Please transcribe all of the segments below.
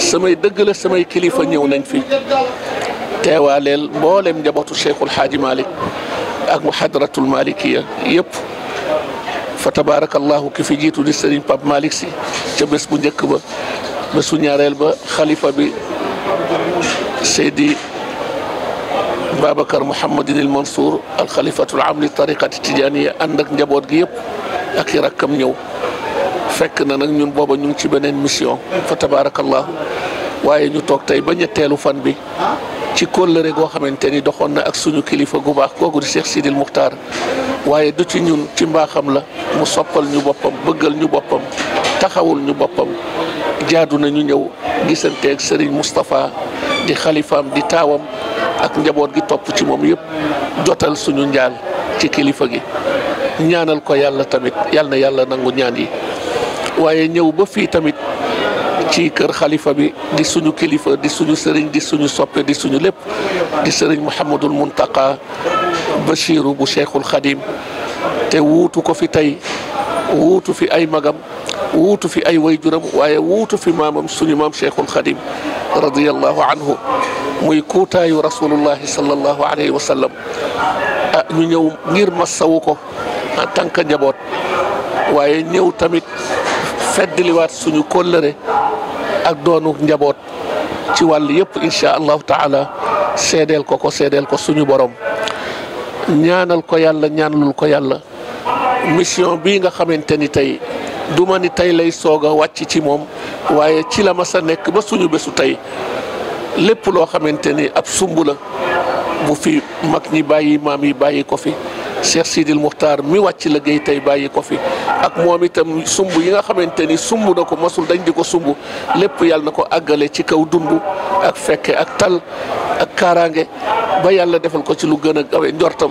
samay dëgg la samay kilifa ñëw nañ fi teewaaleel mboolem njabootu Cheikhul Xaaji Malick ak muhadratul malikiya yëpp fa tabaarakallahu ki fi di Serigne Pape Malick si ca bés bu njëkk ba bésu ñaareel ba xalifa bi Seydi Babacar Mouhamadin il Mansour al xalifatul am li tariqati tijaaniya ànd ak njaboot gi yëpp ak i rakkam ñëw. fekk na nag ñun booba ñu ngi ci beneen mission fa tabaarakallah waaye ñu toog tey ba ñetteelu fan bi ci kóllëre goo xamante ni doxoon na ak suñu kilifa gu baax kooku di Cheikh Sidil Muxtaar waaye du ci ñun ci mbaaxam la mu soppal ñu boppam bëggal ñu boppam taxawul ñu boppam jaadu na ñu ñëw gisanteeg Serigne Moustapha di xalifaam di taawam ak njaboot gi topp ci moom yëpp jotal suñu njaal ci kilifa gi ñaanal ko yàlla tamit yàlla na yàlla nangu ñaan yi waaye ñëw ba fii tamit ci kër xalifa bi di suñu kilifa di suñu sëriñ di suñu soppe di suñu lépp di sëriñ Mouhamadul Muntaqa Bachiru bu Cheikhul Xadim te wuutu ko fi tey wuutu fi ay magam wuutu fi ay wayjuram waaye wuutu fi maamam suñu maam Cheikhul Xadim radiyallahu anhu muy kuutaayu rasulullahi sallallahu alayhi wa sallam ah ñu ñëw ngir masawu ko en tant njaboot waaye ñëw tamit. feddliwaat suñu kóllëre ak doonu njaboot ci wàll yëpp incha allahu taala seedeel ko ko seedeel ko suñu boroom ñaanal ko yàlla ñaanalul ko yàlla mission bii nga xamante ni tey duma ni tey lay soog a wàcc ci moom waaye ci la ma sa nekk ba suñu bésu tey lépp loo xamante ni ab sumb la bu fi mag ñi bàyyi maam yi bàyyi ko fi Cheikh Sidil Muxtaar mi wàcc liggéey tey bàyyi ko fi ak moom itam sumb yi nga xamante ni sumb na ko masul dañ di ko sumb lépp yàlla na ko àggale ci kaw dund ak fekke ak tal ak kaaraange ba yàlla defal ko ci lu gën a gawe njortam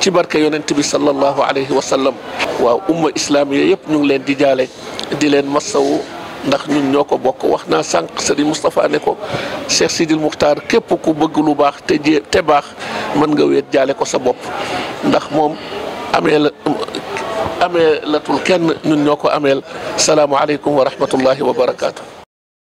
ci barke yonent bi sallallahu alayhi wa sallam waaw umma islaamiya yëpp ñu ngi leen di jaale di leen masawu ndax ñun ñoo ko bokk wax naa sànq Serigne mustafa ne ko Cheikh Sidil Muxtaar képp ku bëgg lu baax te jé te baax mën nga wéet jaale ko sa bopp ndax moom amee la amee kenn ñun ñoo ko ameel salaamaaleykum wa rahmatullahi wa barakaatu.